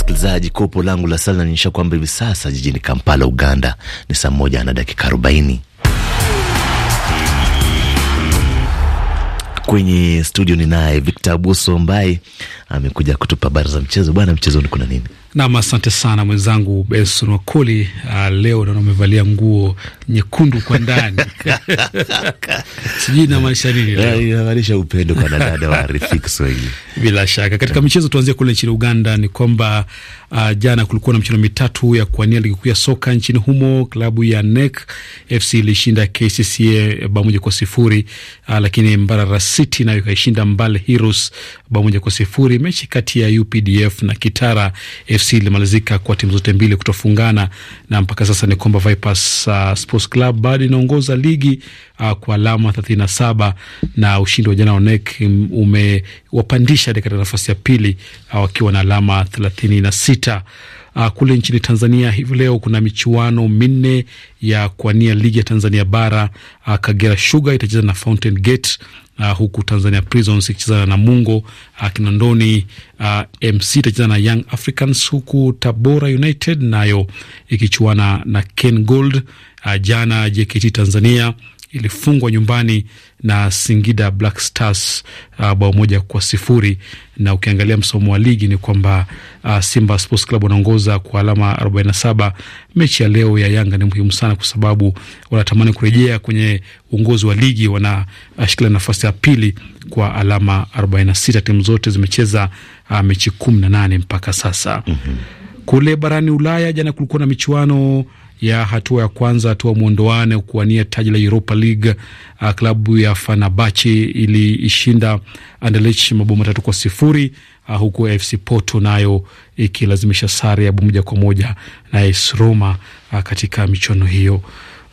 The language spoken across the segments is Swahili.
msikilizaji, kopo langu la sala linaonyesha kwamba hivi sasa jijini Kampala, Uganda, ni saa moja na dakika arobaini. Kwenye studio ni naye Victor Abuso ambaye amekuja kutupa habari za mchezo. Bwana, mchezoni kuna nini? Nam, asante sana mwenzangu Benson Wakoli. Uh, leo naona umevalia nguo nyekundu kwa ndani, sijui inamaanisha nini? Eh, inamaanisha upendo kwa dada wa Rafiki Kiswahili. Bila shaka katika eh. michezo, tuanzie kule nchini Uganda. Ni kwamba uh, jana kulikuwa na michezo mitatu ya kuwania ligi kuu ya soka nchini humo. Klabu ya NEC FC ilishinda KCCA bao moja kwa sifuri, uh, lakini Mbarara City nayo ikaishinda Mbale Heroes bao moja kwa sifuri. Mechi kati ya UPDF na Kitara FC ilimalizika kwa timu zote mbili kutofungana, na mpaka sasa ni kwamba Vipers uh, Sports Club bado inaongoza ligi uh, kwa alama 37 na ushindi wa jana wa NEC umewapandisha katika nafasi ya pili uh, wakiwa na alama 36. Uh, kule nchini Tanzania hivi leo kuna michuano minne ya kuania ligi ya Tanzania bara. Uh, Kagera Sugar itacheza na Fountain Gate uh, huku Tanzania Prisons ikichezana na Mungo uh, Kinondoni uh, ah, MC itachezana na Young Africans, huku Tabora United nayo ikichuana na Ken Gold. Uh, jana JKT Tanzania ilifungwa nyumbani na Singida Black Stars uh, bao moja kwa sifuri. Na ukiangalia msomo wa ligi ni kwamba uh, Simba Sports Club wanaongoza kwa alama 47. Mechi ya leo ya Yanga ni muhimu sana kwa sababu wanatamani kurejea kwenye uongozi wa ligi, wanashikilia nafasi ya pili kwa alama 46. Timu zote zimecheza uh, mechi 18 mpaka sasa. mm -hmm. Kule barani Ulaya jana kulikuwa na michuano ya hatua ya kwanza, hatua mwondoane kuwania taji la Europa League. Uh, klabu ya Fenerbahce iliishinda Anderlecht mabao matatu kwa sifuri uh, huku fc Porto nayo ikilazimisha sare ya moja kwa moja na AS Roma uh, katika michuano hiyo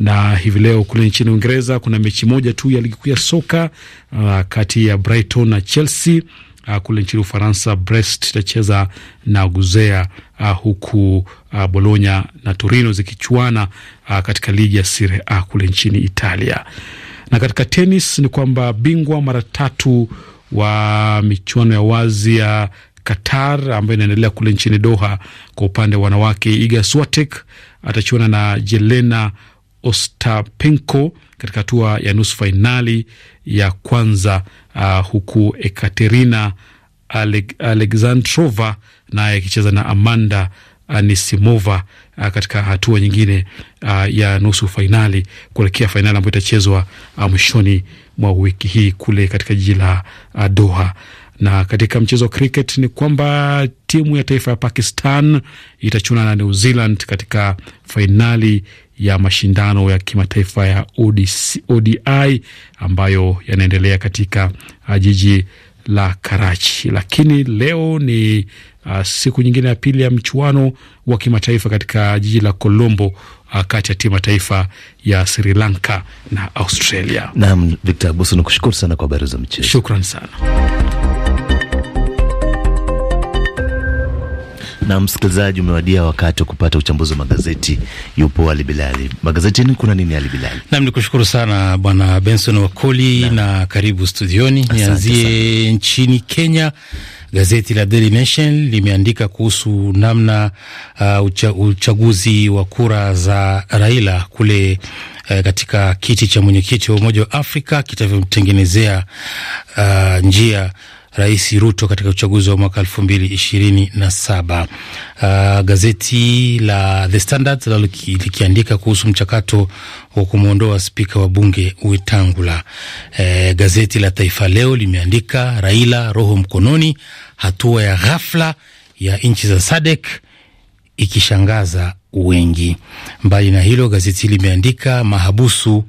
na hivi leo kule nchini Uingereza kuna mechi moja tu ya ligi kuu ya soka uh, kati ya Brighton na Chelsea uh, kule nchini Ufaransa, Brest itacheza na Guzea uh, huku uh, Bologna na Torino zikichuana uh, katika ligi ya Serie A kule nchini Italia. Na katika tenis ni kwamba bingwa mara tatu wa michuano ya wazi ya Qatar ambayo inaendelea kule nchini Doha kwa upande wa wanawake, Iga Swiatek atachuana na Jelena Ostapenko katika hatua ya nusu fainali ya kwanza uh, huku Ekaterina Alek, Alexandrova naye akicheza na Amanda Anisimova uh, katika hatua nyingine uh, ya nusu fainali kuelekea fainali ambayo itachezwa uh, mwishoni mwa wiki hii kule katika jiji la uh, Doha. Na katika mchezo wa cricket ni kwamba timu ya taifa ya Pakistan itachuana na New Zealand katika fainali ya mashindano ya kimataifa ya ODC, ODI ambayo yanaendelea katika uh, jiji la Karachi. Lakini leo ni uh, siku nyingine ya pili ya mchuano wa kimataifa katika jiji la Colombo uh, kati ya timu taifa ya Sri Lanka na Australia. Naam, Victor Abuso, nakushukuru sana kwa habari za mchezo. Shukran sana. Na msikilizaji, umewadia wakati wa kupata uchambuzi wa magazeti. Yupo Ali Bilali. Magazetini kuna nini, Ali Bilali? Nam, ni kushukuru sana Bwana Benson Wakoli na, na karibu studioni. Nianzie nchini Kenya. Gazeti la Daily Nation limeandika kuhusu namna uh, ucha, uchaguzi wa kura za Raila kule uh, katika kiti cha mwenyekiti wa Umoja wa Afrika kitavyomtengenezea uh, njia Rais Ruto katika uchaguzi wa mwaka elfu mbili ishirini na saba. Uh, gazeti la The Standard lalo likiandika kuhusu mchakato wa kumwondoa spika wa bunge Wetangula. Uh, gazeti la Taifa Leo limeandika Raila roho mkononi, hatua ya ghafla ya nchi za Sadek ikishangaza wengi. Mbali na hilo, gazeti limeandika mahabusu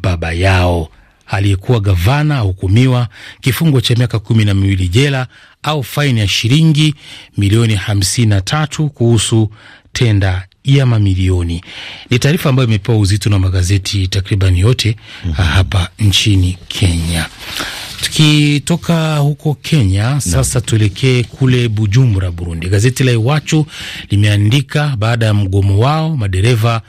baba yao aliyekuwa gavana ahukumiwa kifungo cha miaka kumi na miwili jela au faini ya shilingi milioni hamsini na tatu kuhusu tenda ya mamilioni. Ni taarifa ambayo imepewa uzito na magazeti takriban yote mm -hmm. hapa nchini Kenya. Tukitoka huko Kenya sasa, tuelekee kule Bujumbura, Burundi. Gazeti la Iwachu limeandika baada ya mgomo wao madereva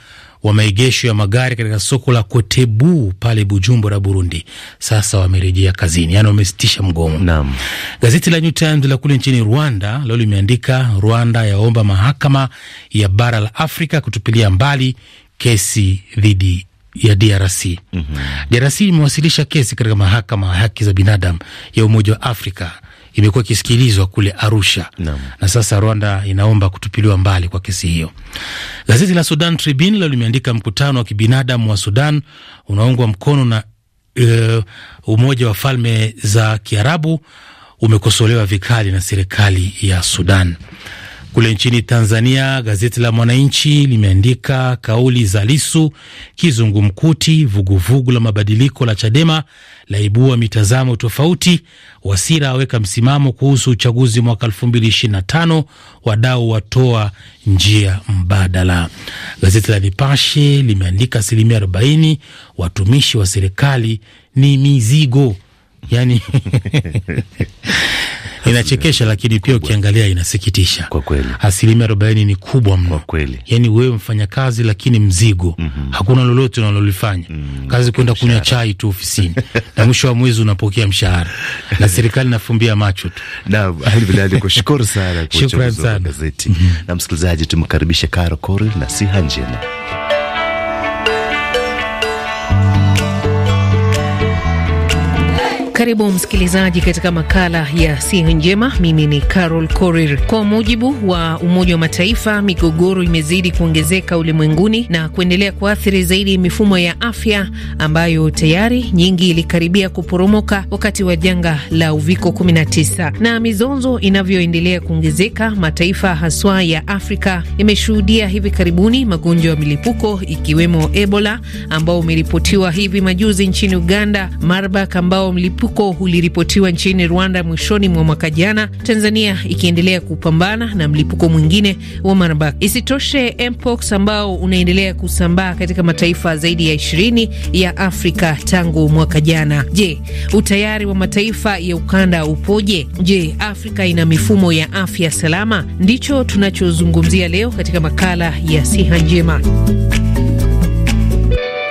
wa maegesho ya magari katika soko la Kotebu pale Bujumbura, Burundi, sasa wamerejea kazini, yaani wamesitisha mgomo. Naam. Gazeti la New Times la kule nchini Rwanda leo limeandika Rwanda yaomba mahakama ya bara la Afrika kutupilia mbali kesi dhidi ya DRC. Mm -hmm. DRC imewasilisha kesi katika mahakama ya haki za binadamu ya Umoja wa Afrika imekuwa ikisikilizwa kule Arusha na, na sasa Rwanda inaomba kutupiliwa mbali kwa kesi hiyo. Gazeti la Sudan Tribune leo limeandika mkutano wa kibinadamu wa Sudan unaoungwa mkono na uh, Umoja wa Falme za Kiarabu umekosolewa vikali na serikali ya Sudan. Kule nchini Tanzania, gazeti la Mwananchi limeandika kauli za Lisu, kizungumkuti, vuguvugu la mabadiliko la Chadema laibua mitazamo tofauti, Wasira aweka msimamo kuhusu uchaguzi mwaka 2025, wadau watoa njia mbadala. Gazeti la Nipashe limeandika asilimia 40 watumishi wa serikali ni mizigo yani inachekesha, lakini pia ukiangalia inasikitisha kwa kweli. Asilimia arobaini ni kubwa mno kwa kweli, yani wewe mfanyakazi, lakini mzigo mm -hmm. hakuna lolote unalolifanya mm -hmm. kazi kwenda kunywa chai tu ofisini na mwisho wa mwezi unapokea mshahara na serikali nafumbia macho tu. Kushukuru sana, shukrani sana gazeti mm -hmm. na msikilizaji, tumkaribishe Karo Kori na siha njema Karibu msikilizaji katika makala ya siha njema. Mimi ni Carol Korir. Kwa mujibu wa Umoja wa Mataifa, migogoro imezidi kuongezeka ulimwenguni na kuendelea kuathiri zaidi mifumo ya afya ambayo tayari nyingi ilikaribia kuporomoka wakati wa janga la uviko 19. Na mizonzo inavyoendelea kuongezeka, mataifa haswa ya Afrika yameshuhudia hivi karibuni magonjwa ya milipuko ikiwemo Ebola ambao umeripotiwa hivi majuzi nchini Uganda, Marburg ambao mlipu mlipuko uliripotiwa nchini Rwanda mwishoni mwa mwaka jana, Tanzania ikiendelea kupambana na mlipuko mwingine wa Marburg. Isitoshe, mpox ambao unaendelea kusambaa katika mataifa zaidi ya ishirini ya Afrika tangu mwaka jana. Je, utayari wa mataifa ya ukanda upoje? Je, Afrika ina mifumo ya afya salama? Ndicho tunachozungumzia leo katika makala ya siha njema.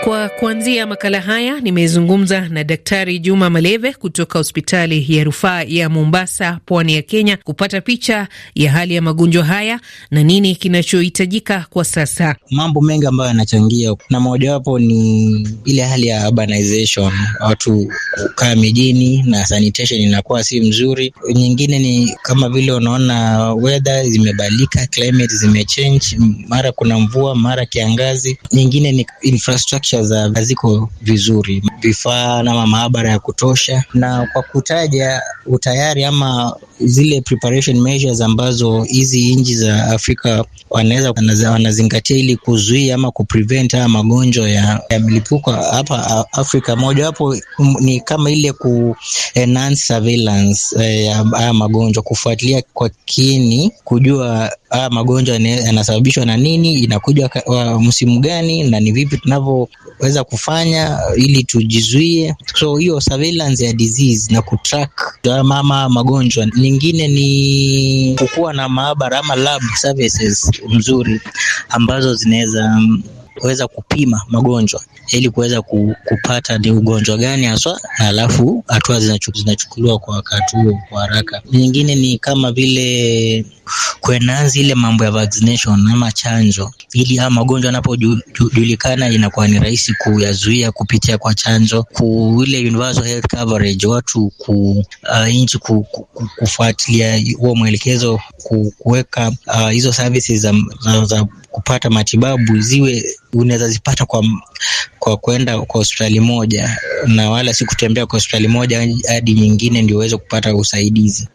Kwa kuanzia makala haya nimezungumza na Daktari Juma Maleve kutoka hospitali ya rufaa ya Mombasa, pwani ya Kenya, kupata picha ya hali ya magonjwa haya na nini kinachohitajika kwa sasa. Mambo mengi ambayo yanachangia, na mojawapo ni ile hali ya urbanization, watu kukaa mijini na sanitation inakuwa si mzuri. Nyingine ni kama vile unaona weather zimebadilika, climate zimechange, mara kuna mvua, mara kiangazi. Nyingine ni infrastructure kuhakikisha za vizuri, vifaa na maabara ya kutosha, na kwa kutaja utayari ama zile preparation measures ambazo hizi nchi za Afrika wanaweza wanazingatia ili kuzuia ama kuprevent haya magonjwa ya, ya milipuko hapa Afrika. Mojawapo ni kama ile ku enhance surveillance eh, ya haya magonjwa, kufuatilia kwa kini, kujua haya magonjwa yanasababishwa na nini, inakuja msimu gani na ni vipi tunavyo weza kufanya ili tujizuie. So hiyo surveillance ya disease na kutrack mama magonjwa. Nyingine ni kukuwa na maabara ama lab services mzuri ambazo zinaweza weza kupima magonjwa ili kuweza kupata ni ugonjwa gani haswa, na alafu hatua zinachukuliwa kwa wakati huo kwa haraka. Nyingine ni kama vile kuenanzi ile mambo ya vaccination ama chanjo, ili ama magonjwa yanapojulikana inakuwa ni rahisi kuyazuia kupitia kwa chanjo, ku ile universal health coverage, watu ku uh, nchi ku, ku, ku, kufuatilia huo mwelekezo ku, kuweka uh, hizo services za, za, za kupata matibabu ziwe unaweza zipata kwa kwa kwenda kwa hospitali moja na wala si kutembea kwa hospitali moja hadi nyingine ndio uweze kupata usaidizi.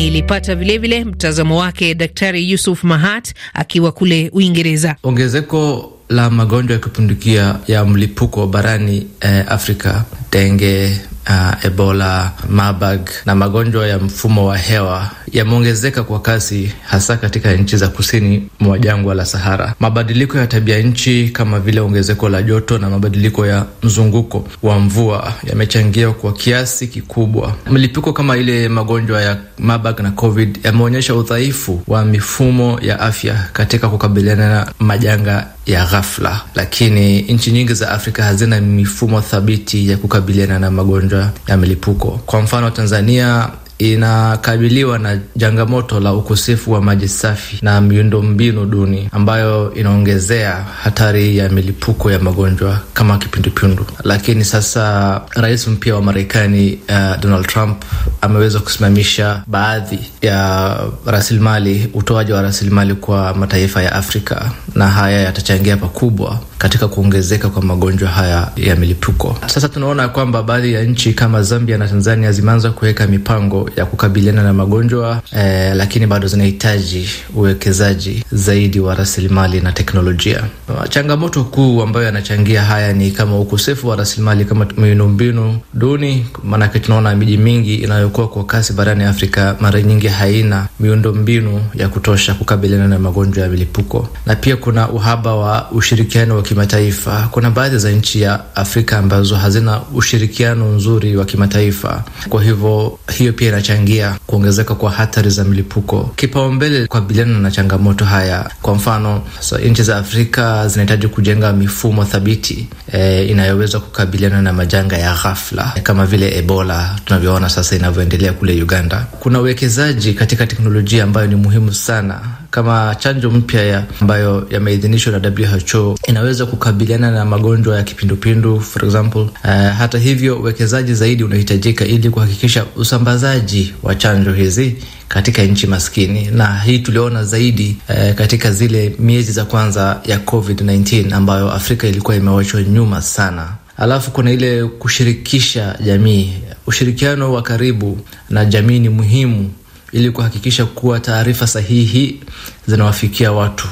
Nilipata vilevile mtazamo wake Daktari Yusuf Mahat akiwa kule Uingereza. Ongezeko la magonjwa ya kupindukia ya mlipuko barani eh, Afrika, denge uh, Ebola, Marburg na magonjwa ya mfumo wa hewa yameongezeka kwa kasi hasa katika nchi za kusini mwa jangwa la Sahara. Mabadiliko ya tabia nchi kama vile ongezeko la joto na mabadiliko ya mzunguko wa mvua yamechangia kwa kiasi kikubwa. mlipuko kama ile magonjwa ya Marburg na Covid yameonyesha udhaifu wa mifumo ya afya katika kukabiliana na majanga ya ghafla, lakini nchi nyingi za Afrika hazina mifumo thabiti ya kukabiliana na magonjwa magonjwa ya milipuko. Kwa mfano, Tanzania inakabiliwa na changamoto la ukosefu wa maji safi na miundo mbinu duni ambayo inaongezea hatari ya milipuko ya magonjwa kama kipindupindu. Lakini sasa rais mpya wa Marekani uh, Donald Trump ameweza kusimamisha baadhi ya rasilimali, utoaji wa rasilimali kwa mataifa ya Afrika, na haya yatachangia pakubwa katika kuongezeka kwa magonjwa haya ya milipuko. Sasa tunaona kwamba baadhi ya nchi kama Zambia na Tanzania zimeanza kuweka mipango ya kukabiliana na magonjwa eh, lakini bado zinahitaji uwekezaji zaidi wa rasilimali na teknolojia. Changamoto kuu ambayo yanachangia haya ni kama ukosefu wa rasilimali kama miundombinu duni, maanake tunaona miji mingi inayokuwa kwa kasi barani Afrika mara nyingi haina miundombinu ya kutosha kukabiliana na magonjwa ya milipuko, na pia kuna uhaba wa ushirikiano wa kimataifa. Kuna baadhi za nchi ya Afrika ambazo hazina ushirikiano nzuri wa kimataifa, kwa hivyo hiyo pia inachangia kuongezeka kwa hatari za milipuko. Kipaumbele kukabiliana na changamoto haya, kwa mfano so, nchi za Afrika zinahitaji kujenga mifumo thabiti e, inayoweza kukabiliana na majanga ya ghafla kama vile Ebola tunavyoona sasa inavyoendelea kule Uganda. Kuna uwekezaji katika teknolojia ambayo ni muhimu sana kama chanjo mpya ya ambayo yameidhinishwa na WHO inaweza kukabiliana na magonjwa ya kipindupindu for example. Uh, hata hivyo uwekezaji zaidi unahitajika ili kuhakikisha usambazaji wa chanjo hizi katika nchi maskini, na hii tuliona zaidi uh, katika zile miezi za kwanza ya COVID-19 ambayo Afrika ilikuwa imewachwa nyuma sana. Alafu kuna ile kushirikisha jamii. Ushirikiano wa karibu na jamii ni muhimu ili kuhakikisha kuwa taarifa sahihi zinawafikia watu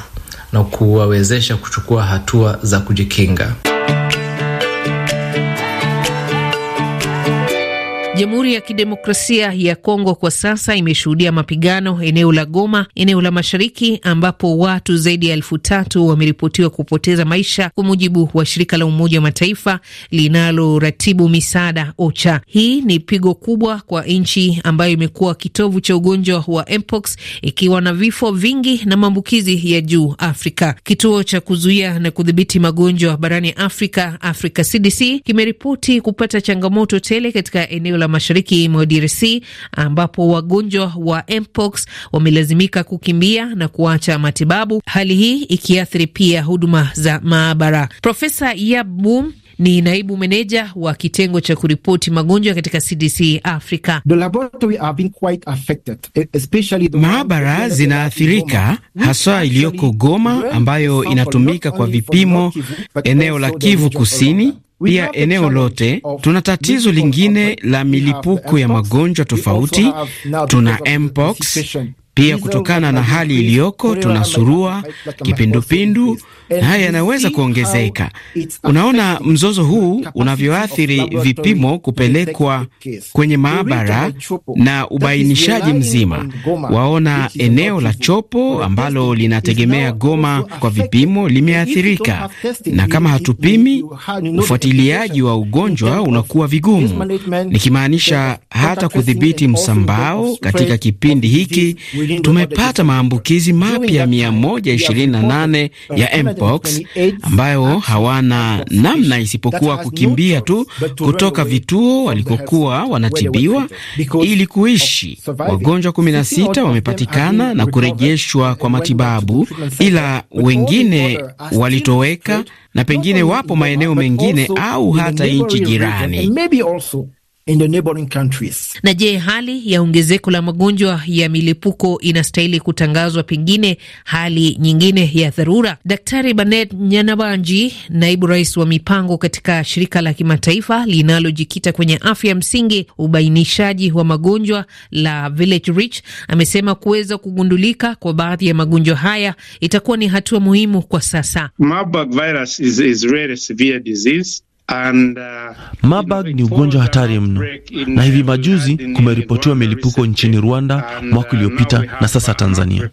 na kuwawezesha kuchukua hatua za kujikinga. Jamhuri ya Kidemokrasia ya Kongo kwa sasa imeshuhudia mapigano eneo la Goma, eneo la mashariki, ambapo watu zaidi ya elfu tatu wameripotiwa kupoteza maisha, kwa mujibu wa shirika la Umoja wa Mataifa linaloratibu misaada OCHA. Hii ni pigo kubwa kwa nchi ambayo imekuwa kitovu cha ugonjwa wa mpox, ikiwa na vifo vingi na maambukizi ya juu Afrika. Kituo cha kuzuia na kudhibiti magonjwa barani Afrika, Africa CDC, kimeripoti kupata changamoto tele katika eneo la mashariki mwa DRC ambapo wagonjwa wa mpox wamelazimika kukimbia na kuacha matibabu, hali hii ikiathiri pia huduma za maabara. Profesa Yabu ni naibu meneja wa kitengo cha kuripoti magonjwa katika CDC Africa. Maabara zinaathirika haswa iliyoko Goma ambayo inatumika kwa vipimo eneo la Kivu Kusini pia eneo lote tuna tatizo lingine la milipuko ya magonjwa tofauti. Tuna mpox pia, kutokana na hali iliyoko, tuna surua, kipindupindu haya yanaweza kuongezeka. Unaona mzozo huu unavyoathiri vipimo kupelekwa kwenye maabara na ubainishaji mzima. Waona eneo la chopo ambalo linategemea Goma kwa vipimo limeathirika, na kama hatupimi, ufuatiliaji wa ugonjwa unakuwa vigumu, nikimaanisha hata kudhibiti msambao. Katika kipindi hiki tumepata maambukizi mapya 128 ya mpox ambayo hawana namna isipokuwa kukimbia tu kutoka vituo walikokuwa wanatibiwa ili kuishi. Wagonjwa 16 wamepatikana na kurejeshwa kwa matibabu, ila wengine walitoweka na pengine wapo maeneo mengine au hata nchi jirani in the neighboring countries. Na je, hali ya ongezeko la magonjwa ya milipuko inastahili kutangazwa pengine hali nyingine ya dharura? Daktari Banet Nyanabanji, naibu rais wa mipango katika shirika la kimataifa linalojikita kwenye afya msingi, ubainishaji wa magonjwa la Village Reach, amesema kuweza kugundulika kwa baadhi ya magonjwa haya itakuwa ni hatua muhimu kwa sasa. Marburg virus is, is rare severe disease And, uh, Marburg ni ugonjwa hatari mno, na hivi uh, majuzi kumeripotiwa milipuko nchini Rwanda uh, mwaka uliopita na sasa Tanzania,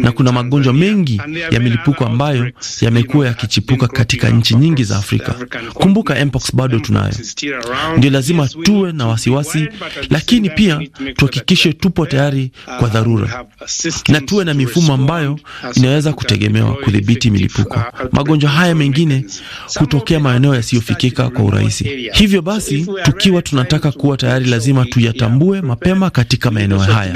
na kuna magonjwa mengi ya milipuko ambayo yamekuwa yakichipuka katika nchi nyingi za Afrika. Kumbuka mpox bado tunayo, ndio lazima tuwe na wasiwasi, lakini pia tuhakikishe tupo tayari kwa dharura na tuwe na mifumo ambayo inaweza kutegemewa kudhibiti milipuko. Magonjwa haya mengine hutokea maeneo yasiyo kufikika kwa urahisi. Hivyo basi, tukiwa tunataka kuwa tayari, lazima tuyatambue mapema katika maeneo haya.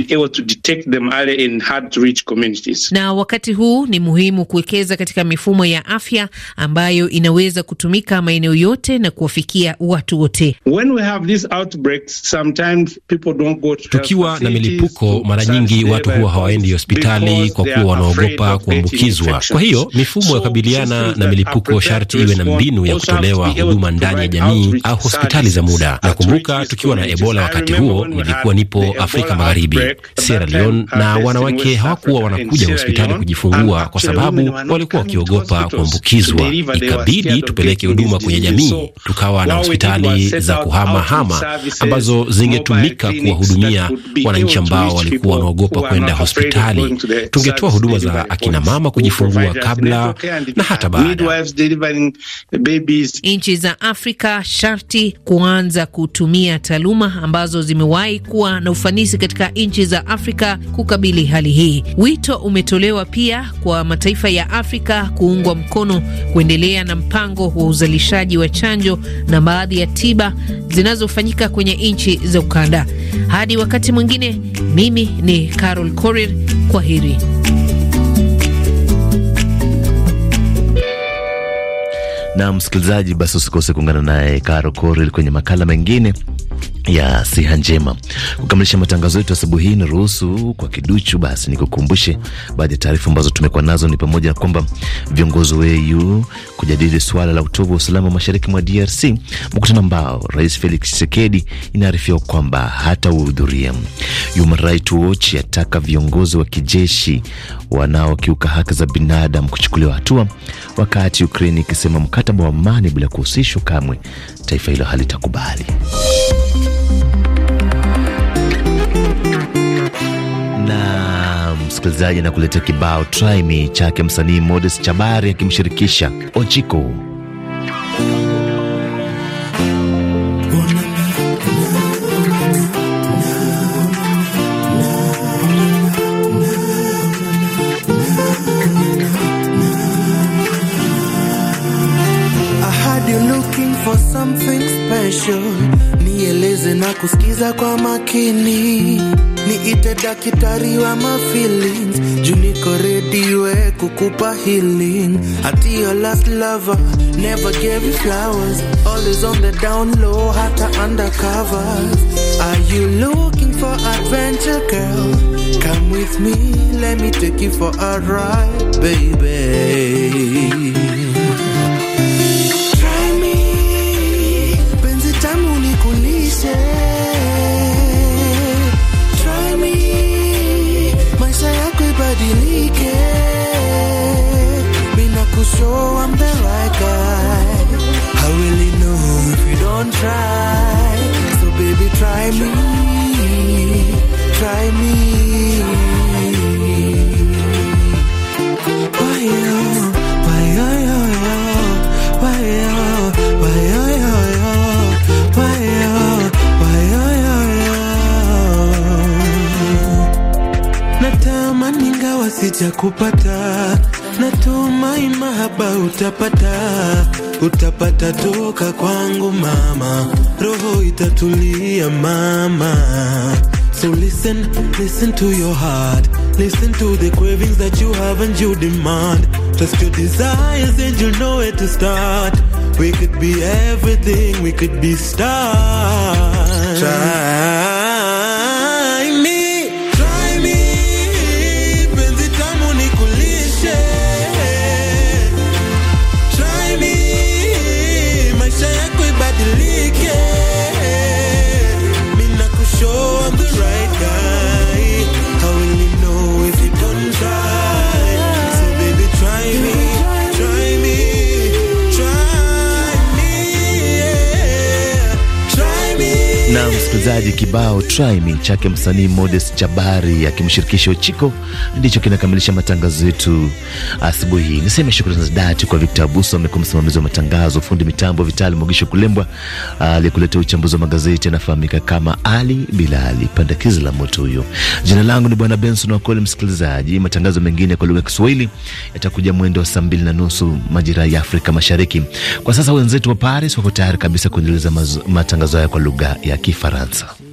Na wakati huu ni muhimu kuwekeza katika mifumo ya afya ambayo inaweza kutumika maeneo yote na kuwafikia watu wote. Tukiwa na milipuko, mara nyingi watu huwa hawaendi hospitali kwa kuwa wanaogopa kuambukizwa. Kwa hiyo mifumo ya kukabiliana na milipuko sharti iwe na mbinu ya kutolewa huduma ndani ya jamii au hospitali za muda. Nakumbuka tukiwa na Ebola wakati huo, nilikuwa nipo Afrika Magharibi, Sierra Leone, na wanawake hawakuwa wanakuja hospitali kujifungua kwa sababu walikuwa wakiogopa kuambukizwa. Ikabidi tupeleke huduma kwenye jamii, tukawa na hospitali za kuhamahama ambazo zingetumika kuwahudumia wananchi ambao walikuwa wanaogopa kwenda hospitali. Tungetoa huduma za akinamama kujifungua kabla na hata baada nchi za Afrika sharti kuanza kutumia taaluma ambazo zimewahi kuwa na ufanisi katika nchi za Afrika kukabili hali hii. Wito umetolewa pia kwa mataifa ya Afrika kuungwa mkono kuendelea na mpango wa uzalishaji wa chanjo na baadhi ya tiba zinazofanyika kwenye nchi za ukanda. Hadi wakati mwingine, mimi ni Carol Korir, heri Na msikilizaji, basi usikose kuungana naye Karo Koril kwenye makala mengine ya siha njema. Kukamilisha matangazo yetu asubuhi hii, ni ruhusu kwa kiduchu basi nikukumbushe baadhi ya taarifa ambazo tumekuwa nazo. Ni pamoja na kwamba viongozi wa EU kujadili suala la utovu wa usalama mashariki mwa DRC, mkutano ambao Rais Felix Tshisekedi inaarifiwa kwamba hatahudhuria. Human Rights Watch yataka viongozi wa kijeshi wanaokiuka haki za binadamu kuchukuliwa hatua, wakati Ukraini ikisema mkataba wa amani bila kuhusishwa kamwe taifa hilo halitakubali na msikilizaji, anakuletea kibao try me chake msanii modes Chabari akimshirikisha Ochiko na kusikiza kwa makini, niite daktari wa my feelings, juniko niko ready we kukupa healing. Ati your last lover never gave you flowers, always on the down low, hata undercover. Are you looking for adventure girl? Come with me, let me take you for a ride, baby could show I'm the right guy. I really know if you don't try. So baby, try me, try me. Why why why why why why sijakupata natumai mahaba utapata, utapata toka kwangu mama, roho itatulia mama. So listen, listen to your heart, listen to the cravings that you have and you demand. Trust your desires and you know where to start. We could be everything, we could be stars. Try. msikilizaji, kibao try me chake msanii Modest Jabari akimshirikisha Uchiko ndicho kinakamilisha matangazo yetu asubuhi hii. Niseme shukrani za dhati kwa Victor Abuso, amekuwa msimamizi wa matangazo, fundi mitambo Vitali Mugisho Kulembwa, aliyekuletea uchambuzi wa magazeti anafahamika kama Ali Bilali, pandakizi la moto huyo. Jina langu ni Bwana Benson Wakole. Msikilizaji, matangazo mengine kwa lugha ya Kiswahili yatakuja mwendo wa saa mbili na nusu majira ya Afrika Mashariki. Kwa sasa wenzetu wa Paris wako tayari kabisa kuendeleza matangazo haya kwa lugha ya Kifaransa. Ganze.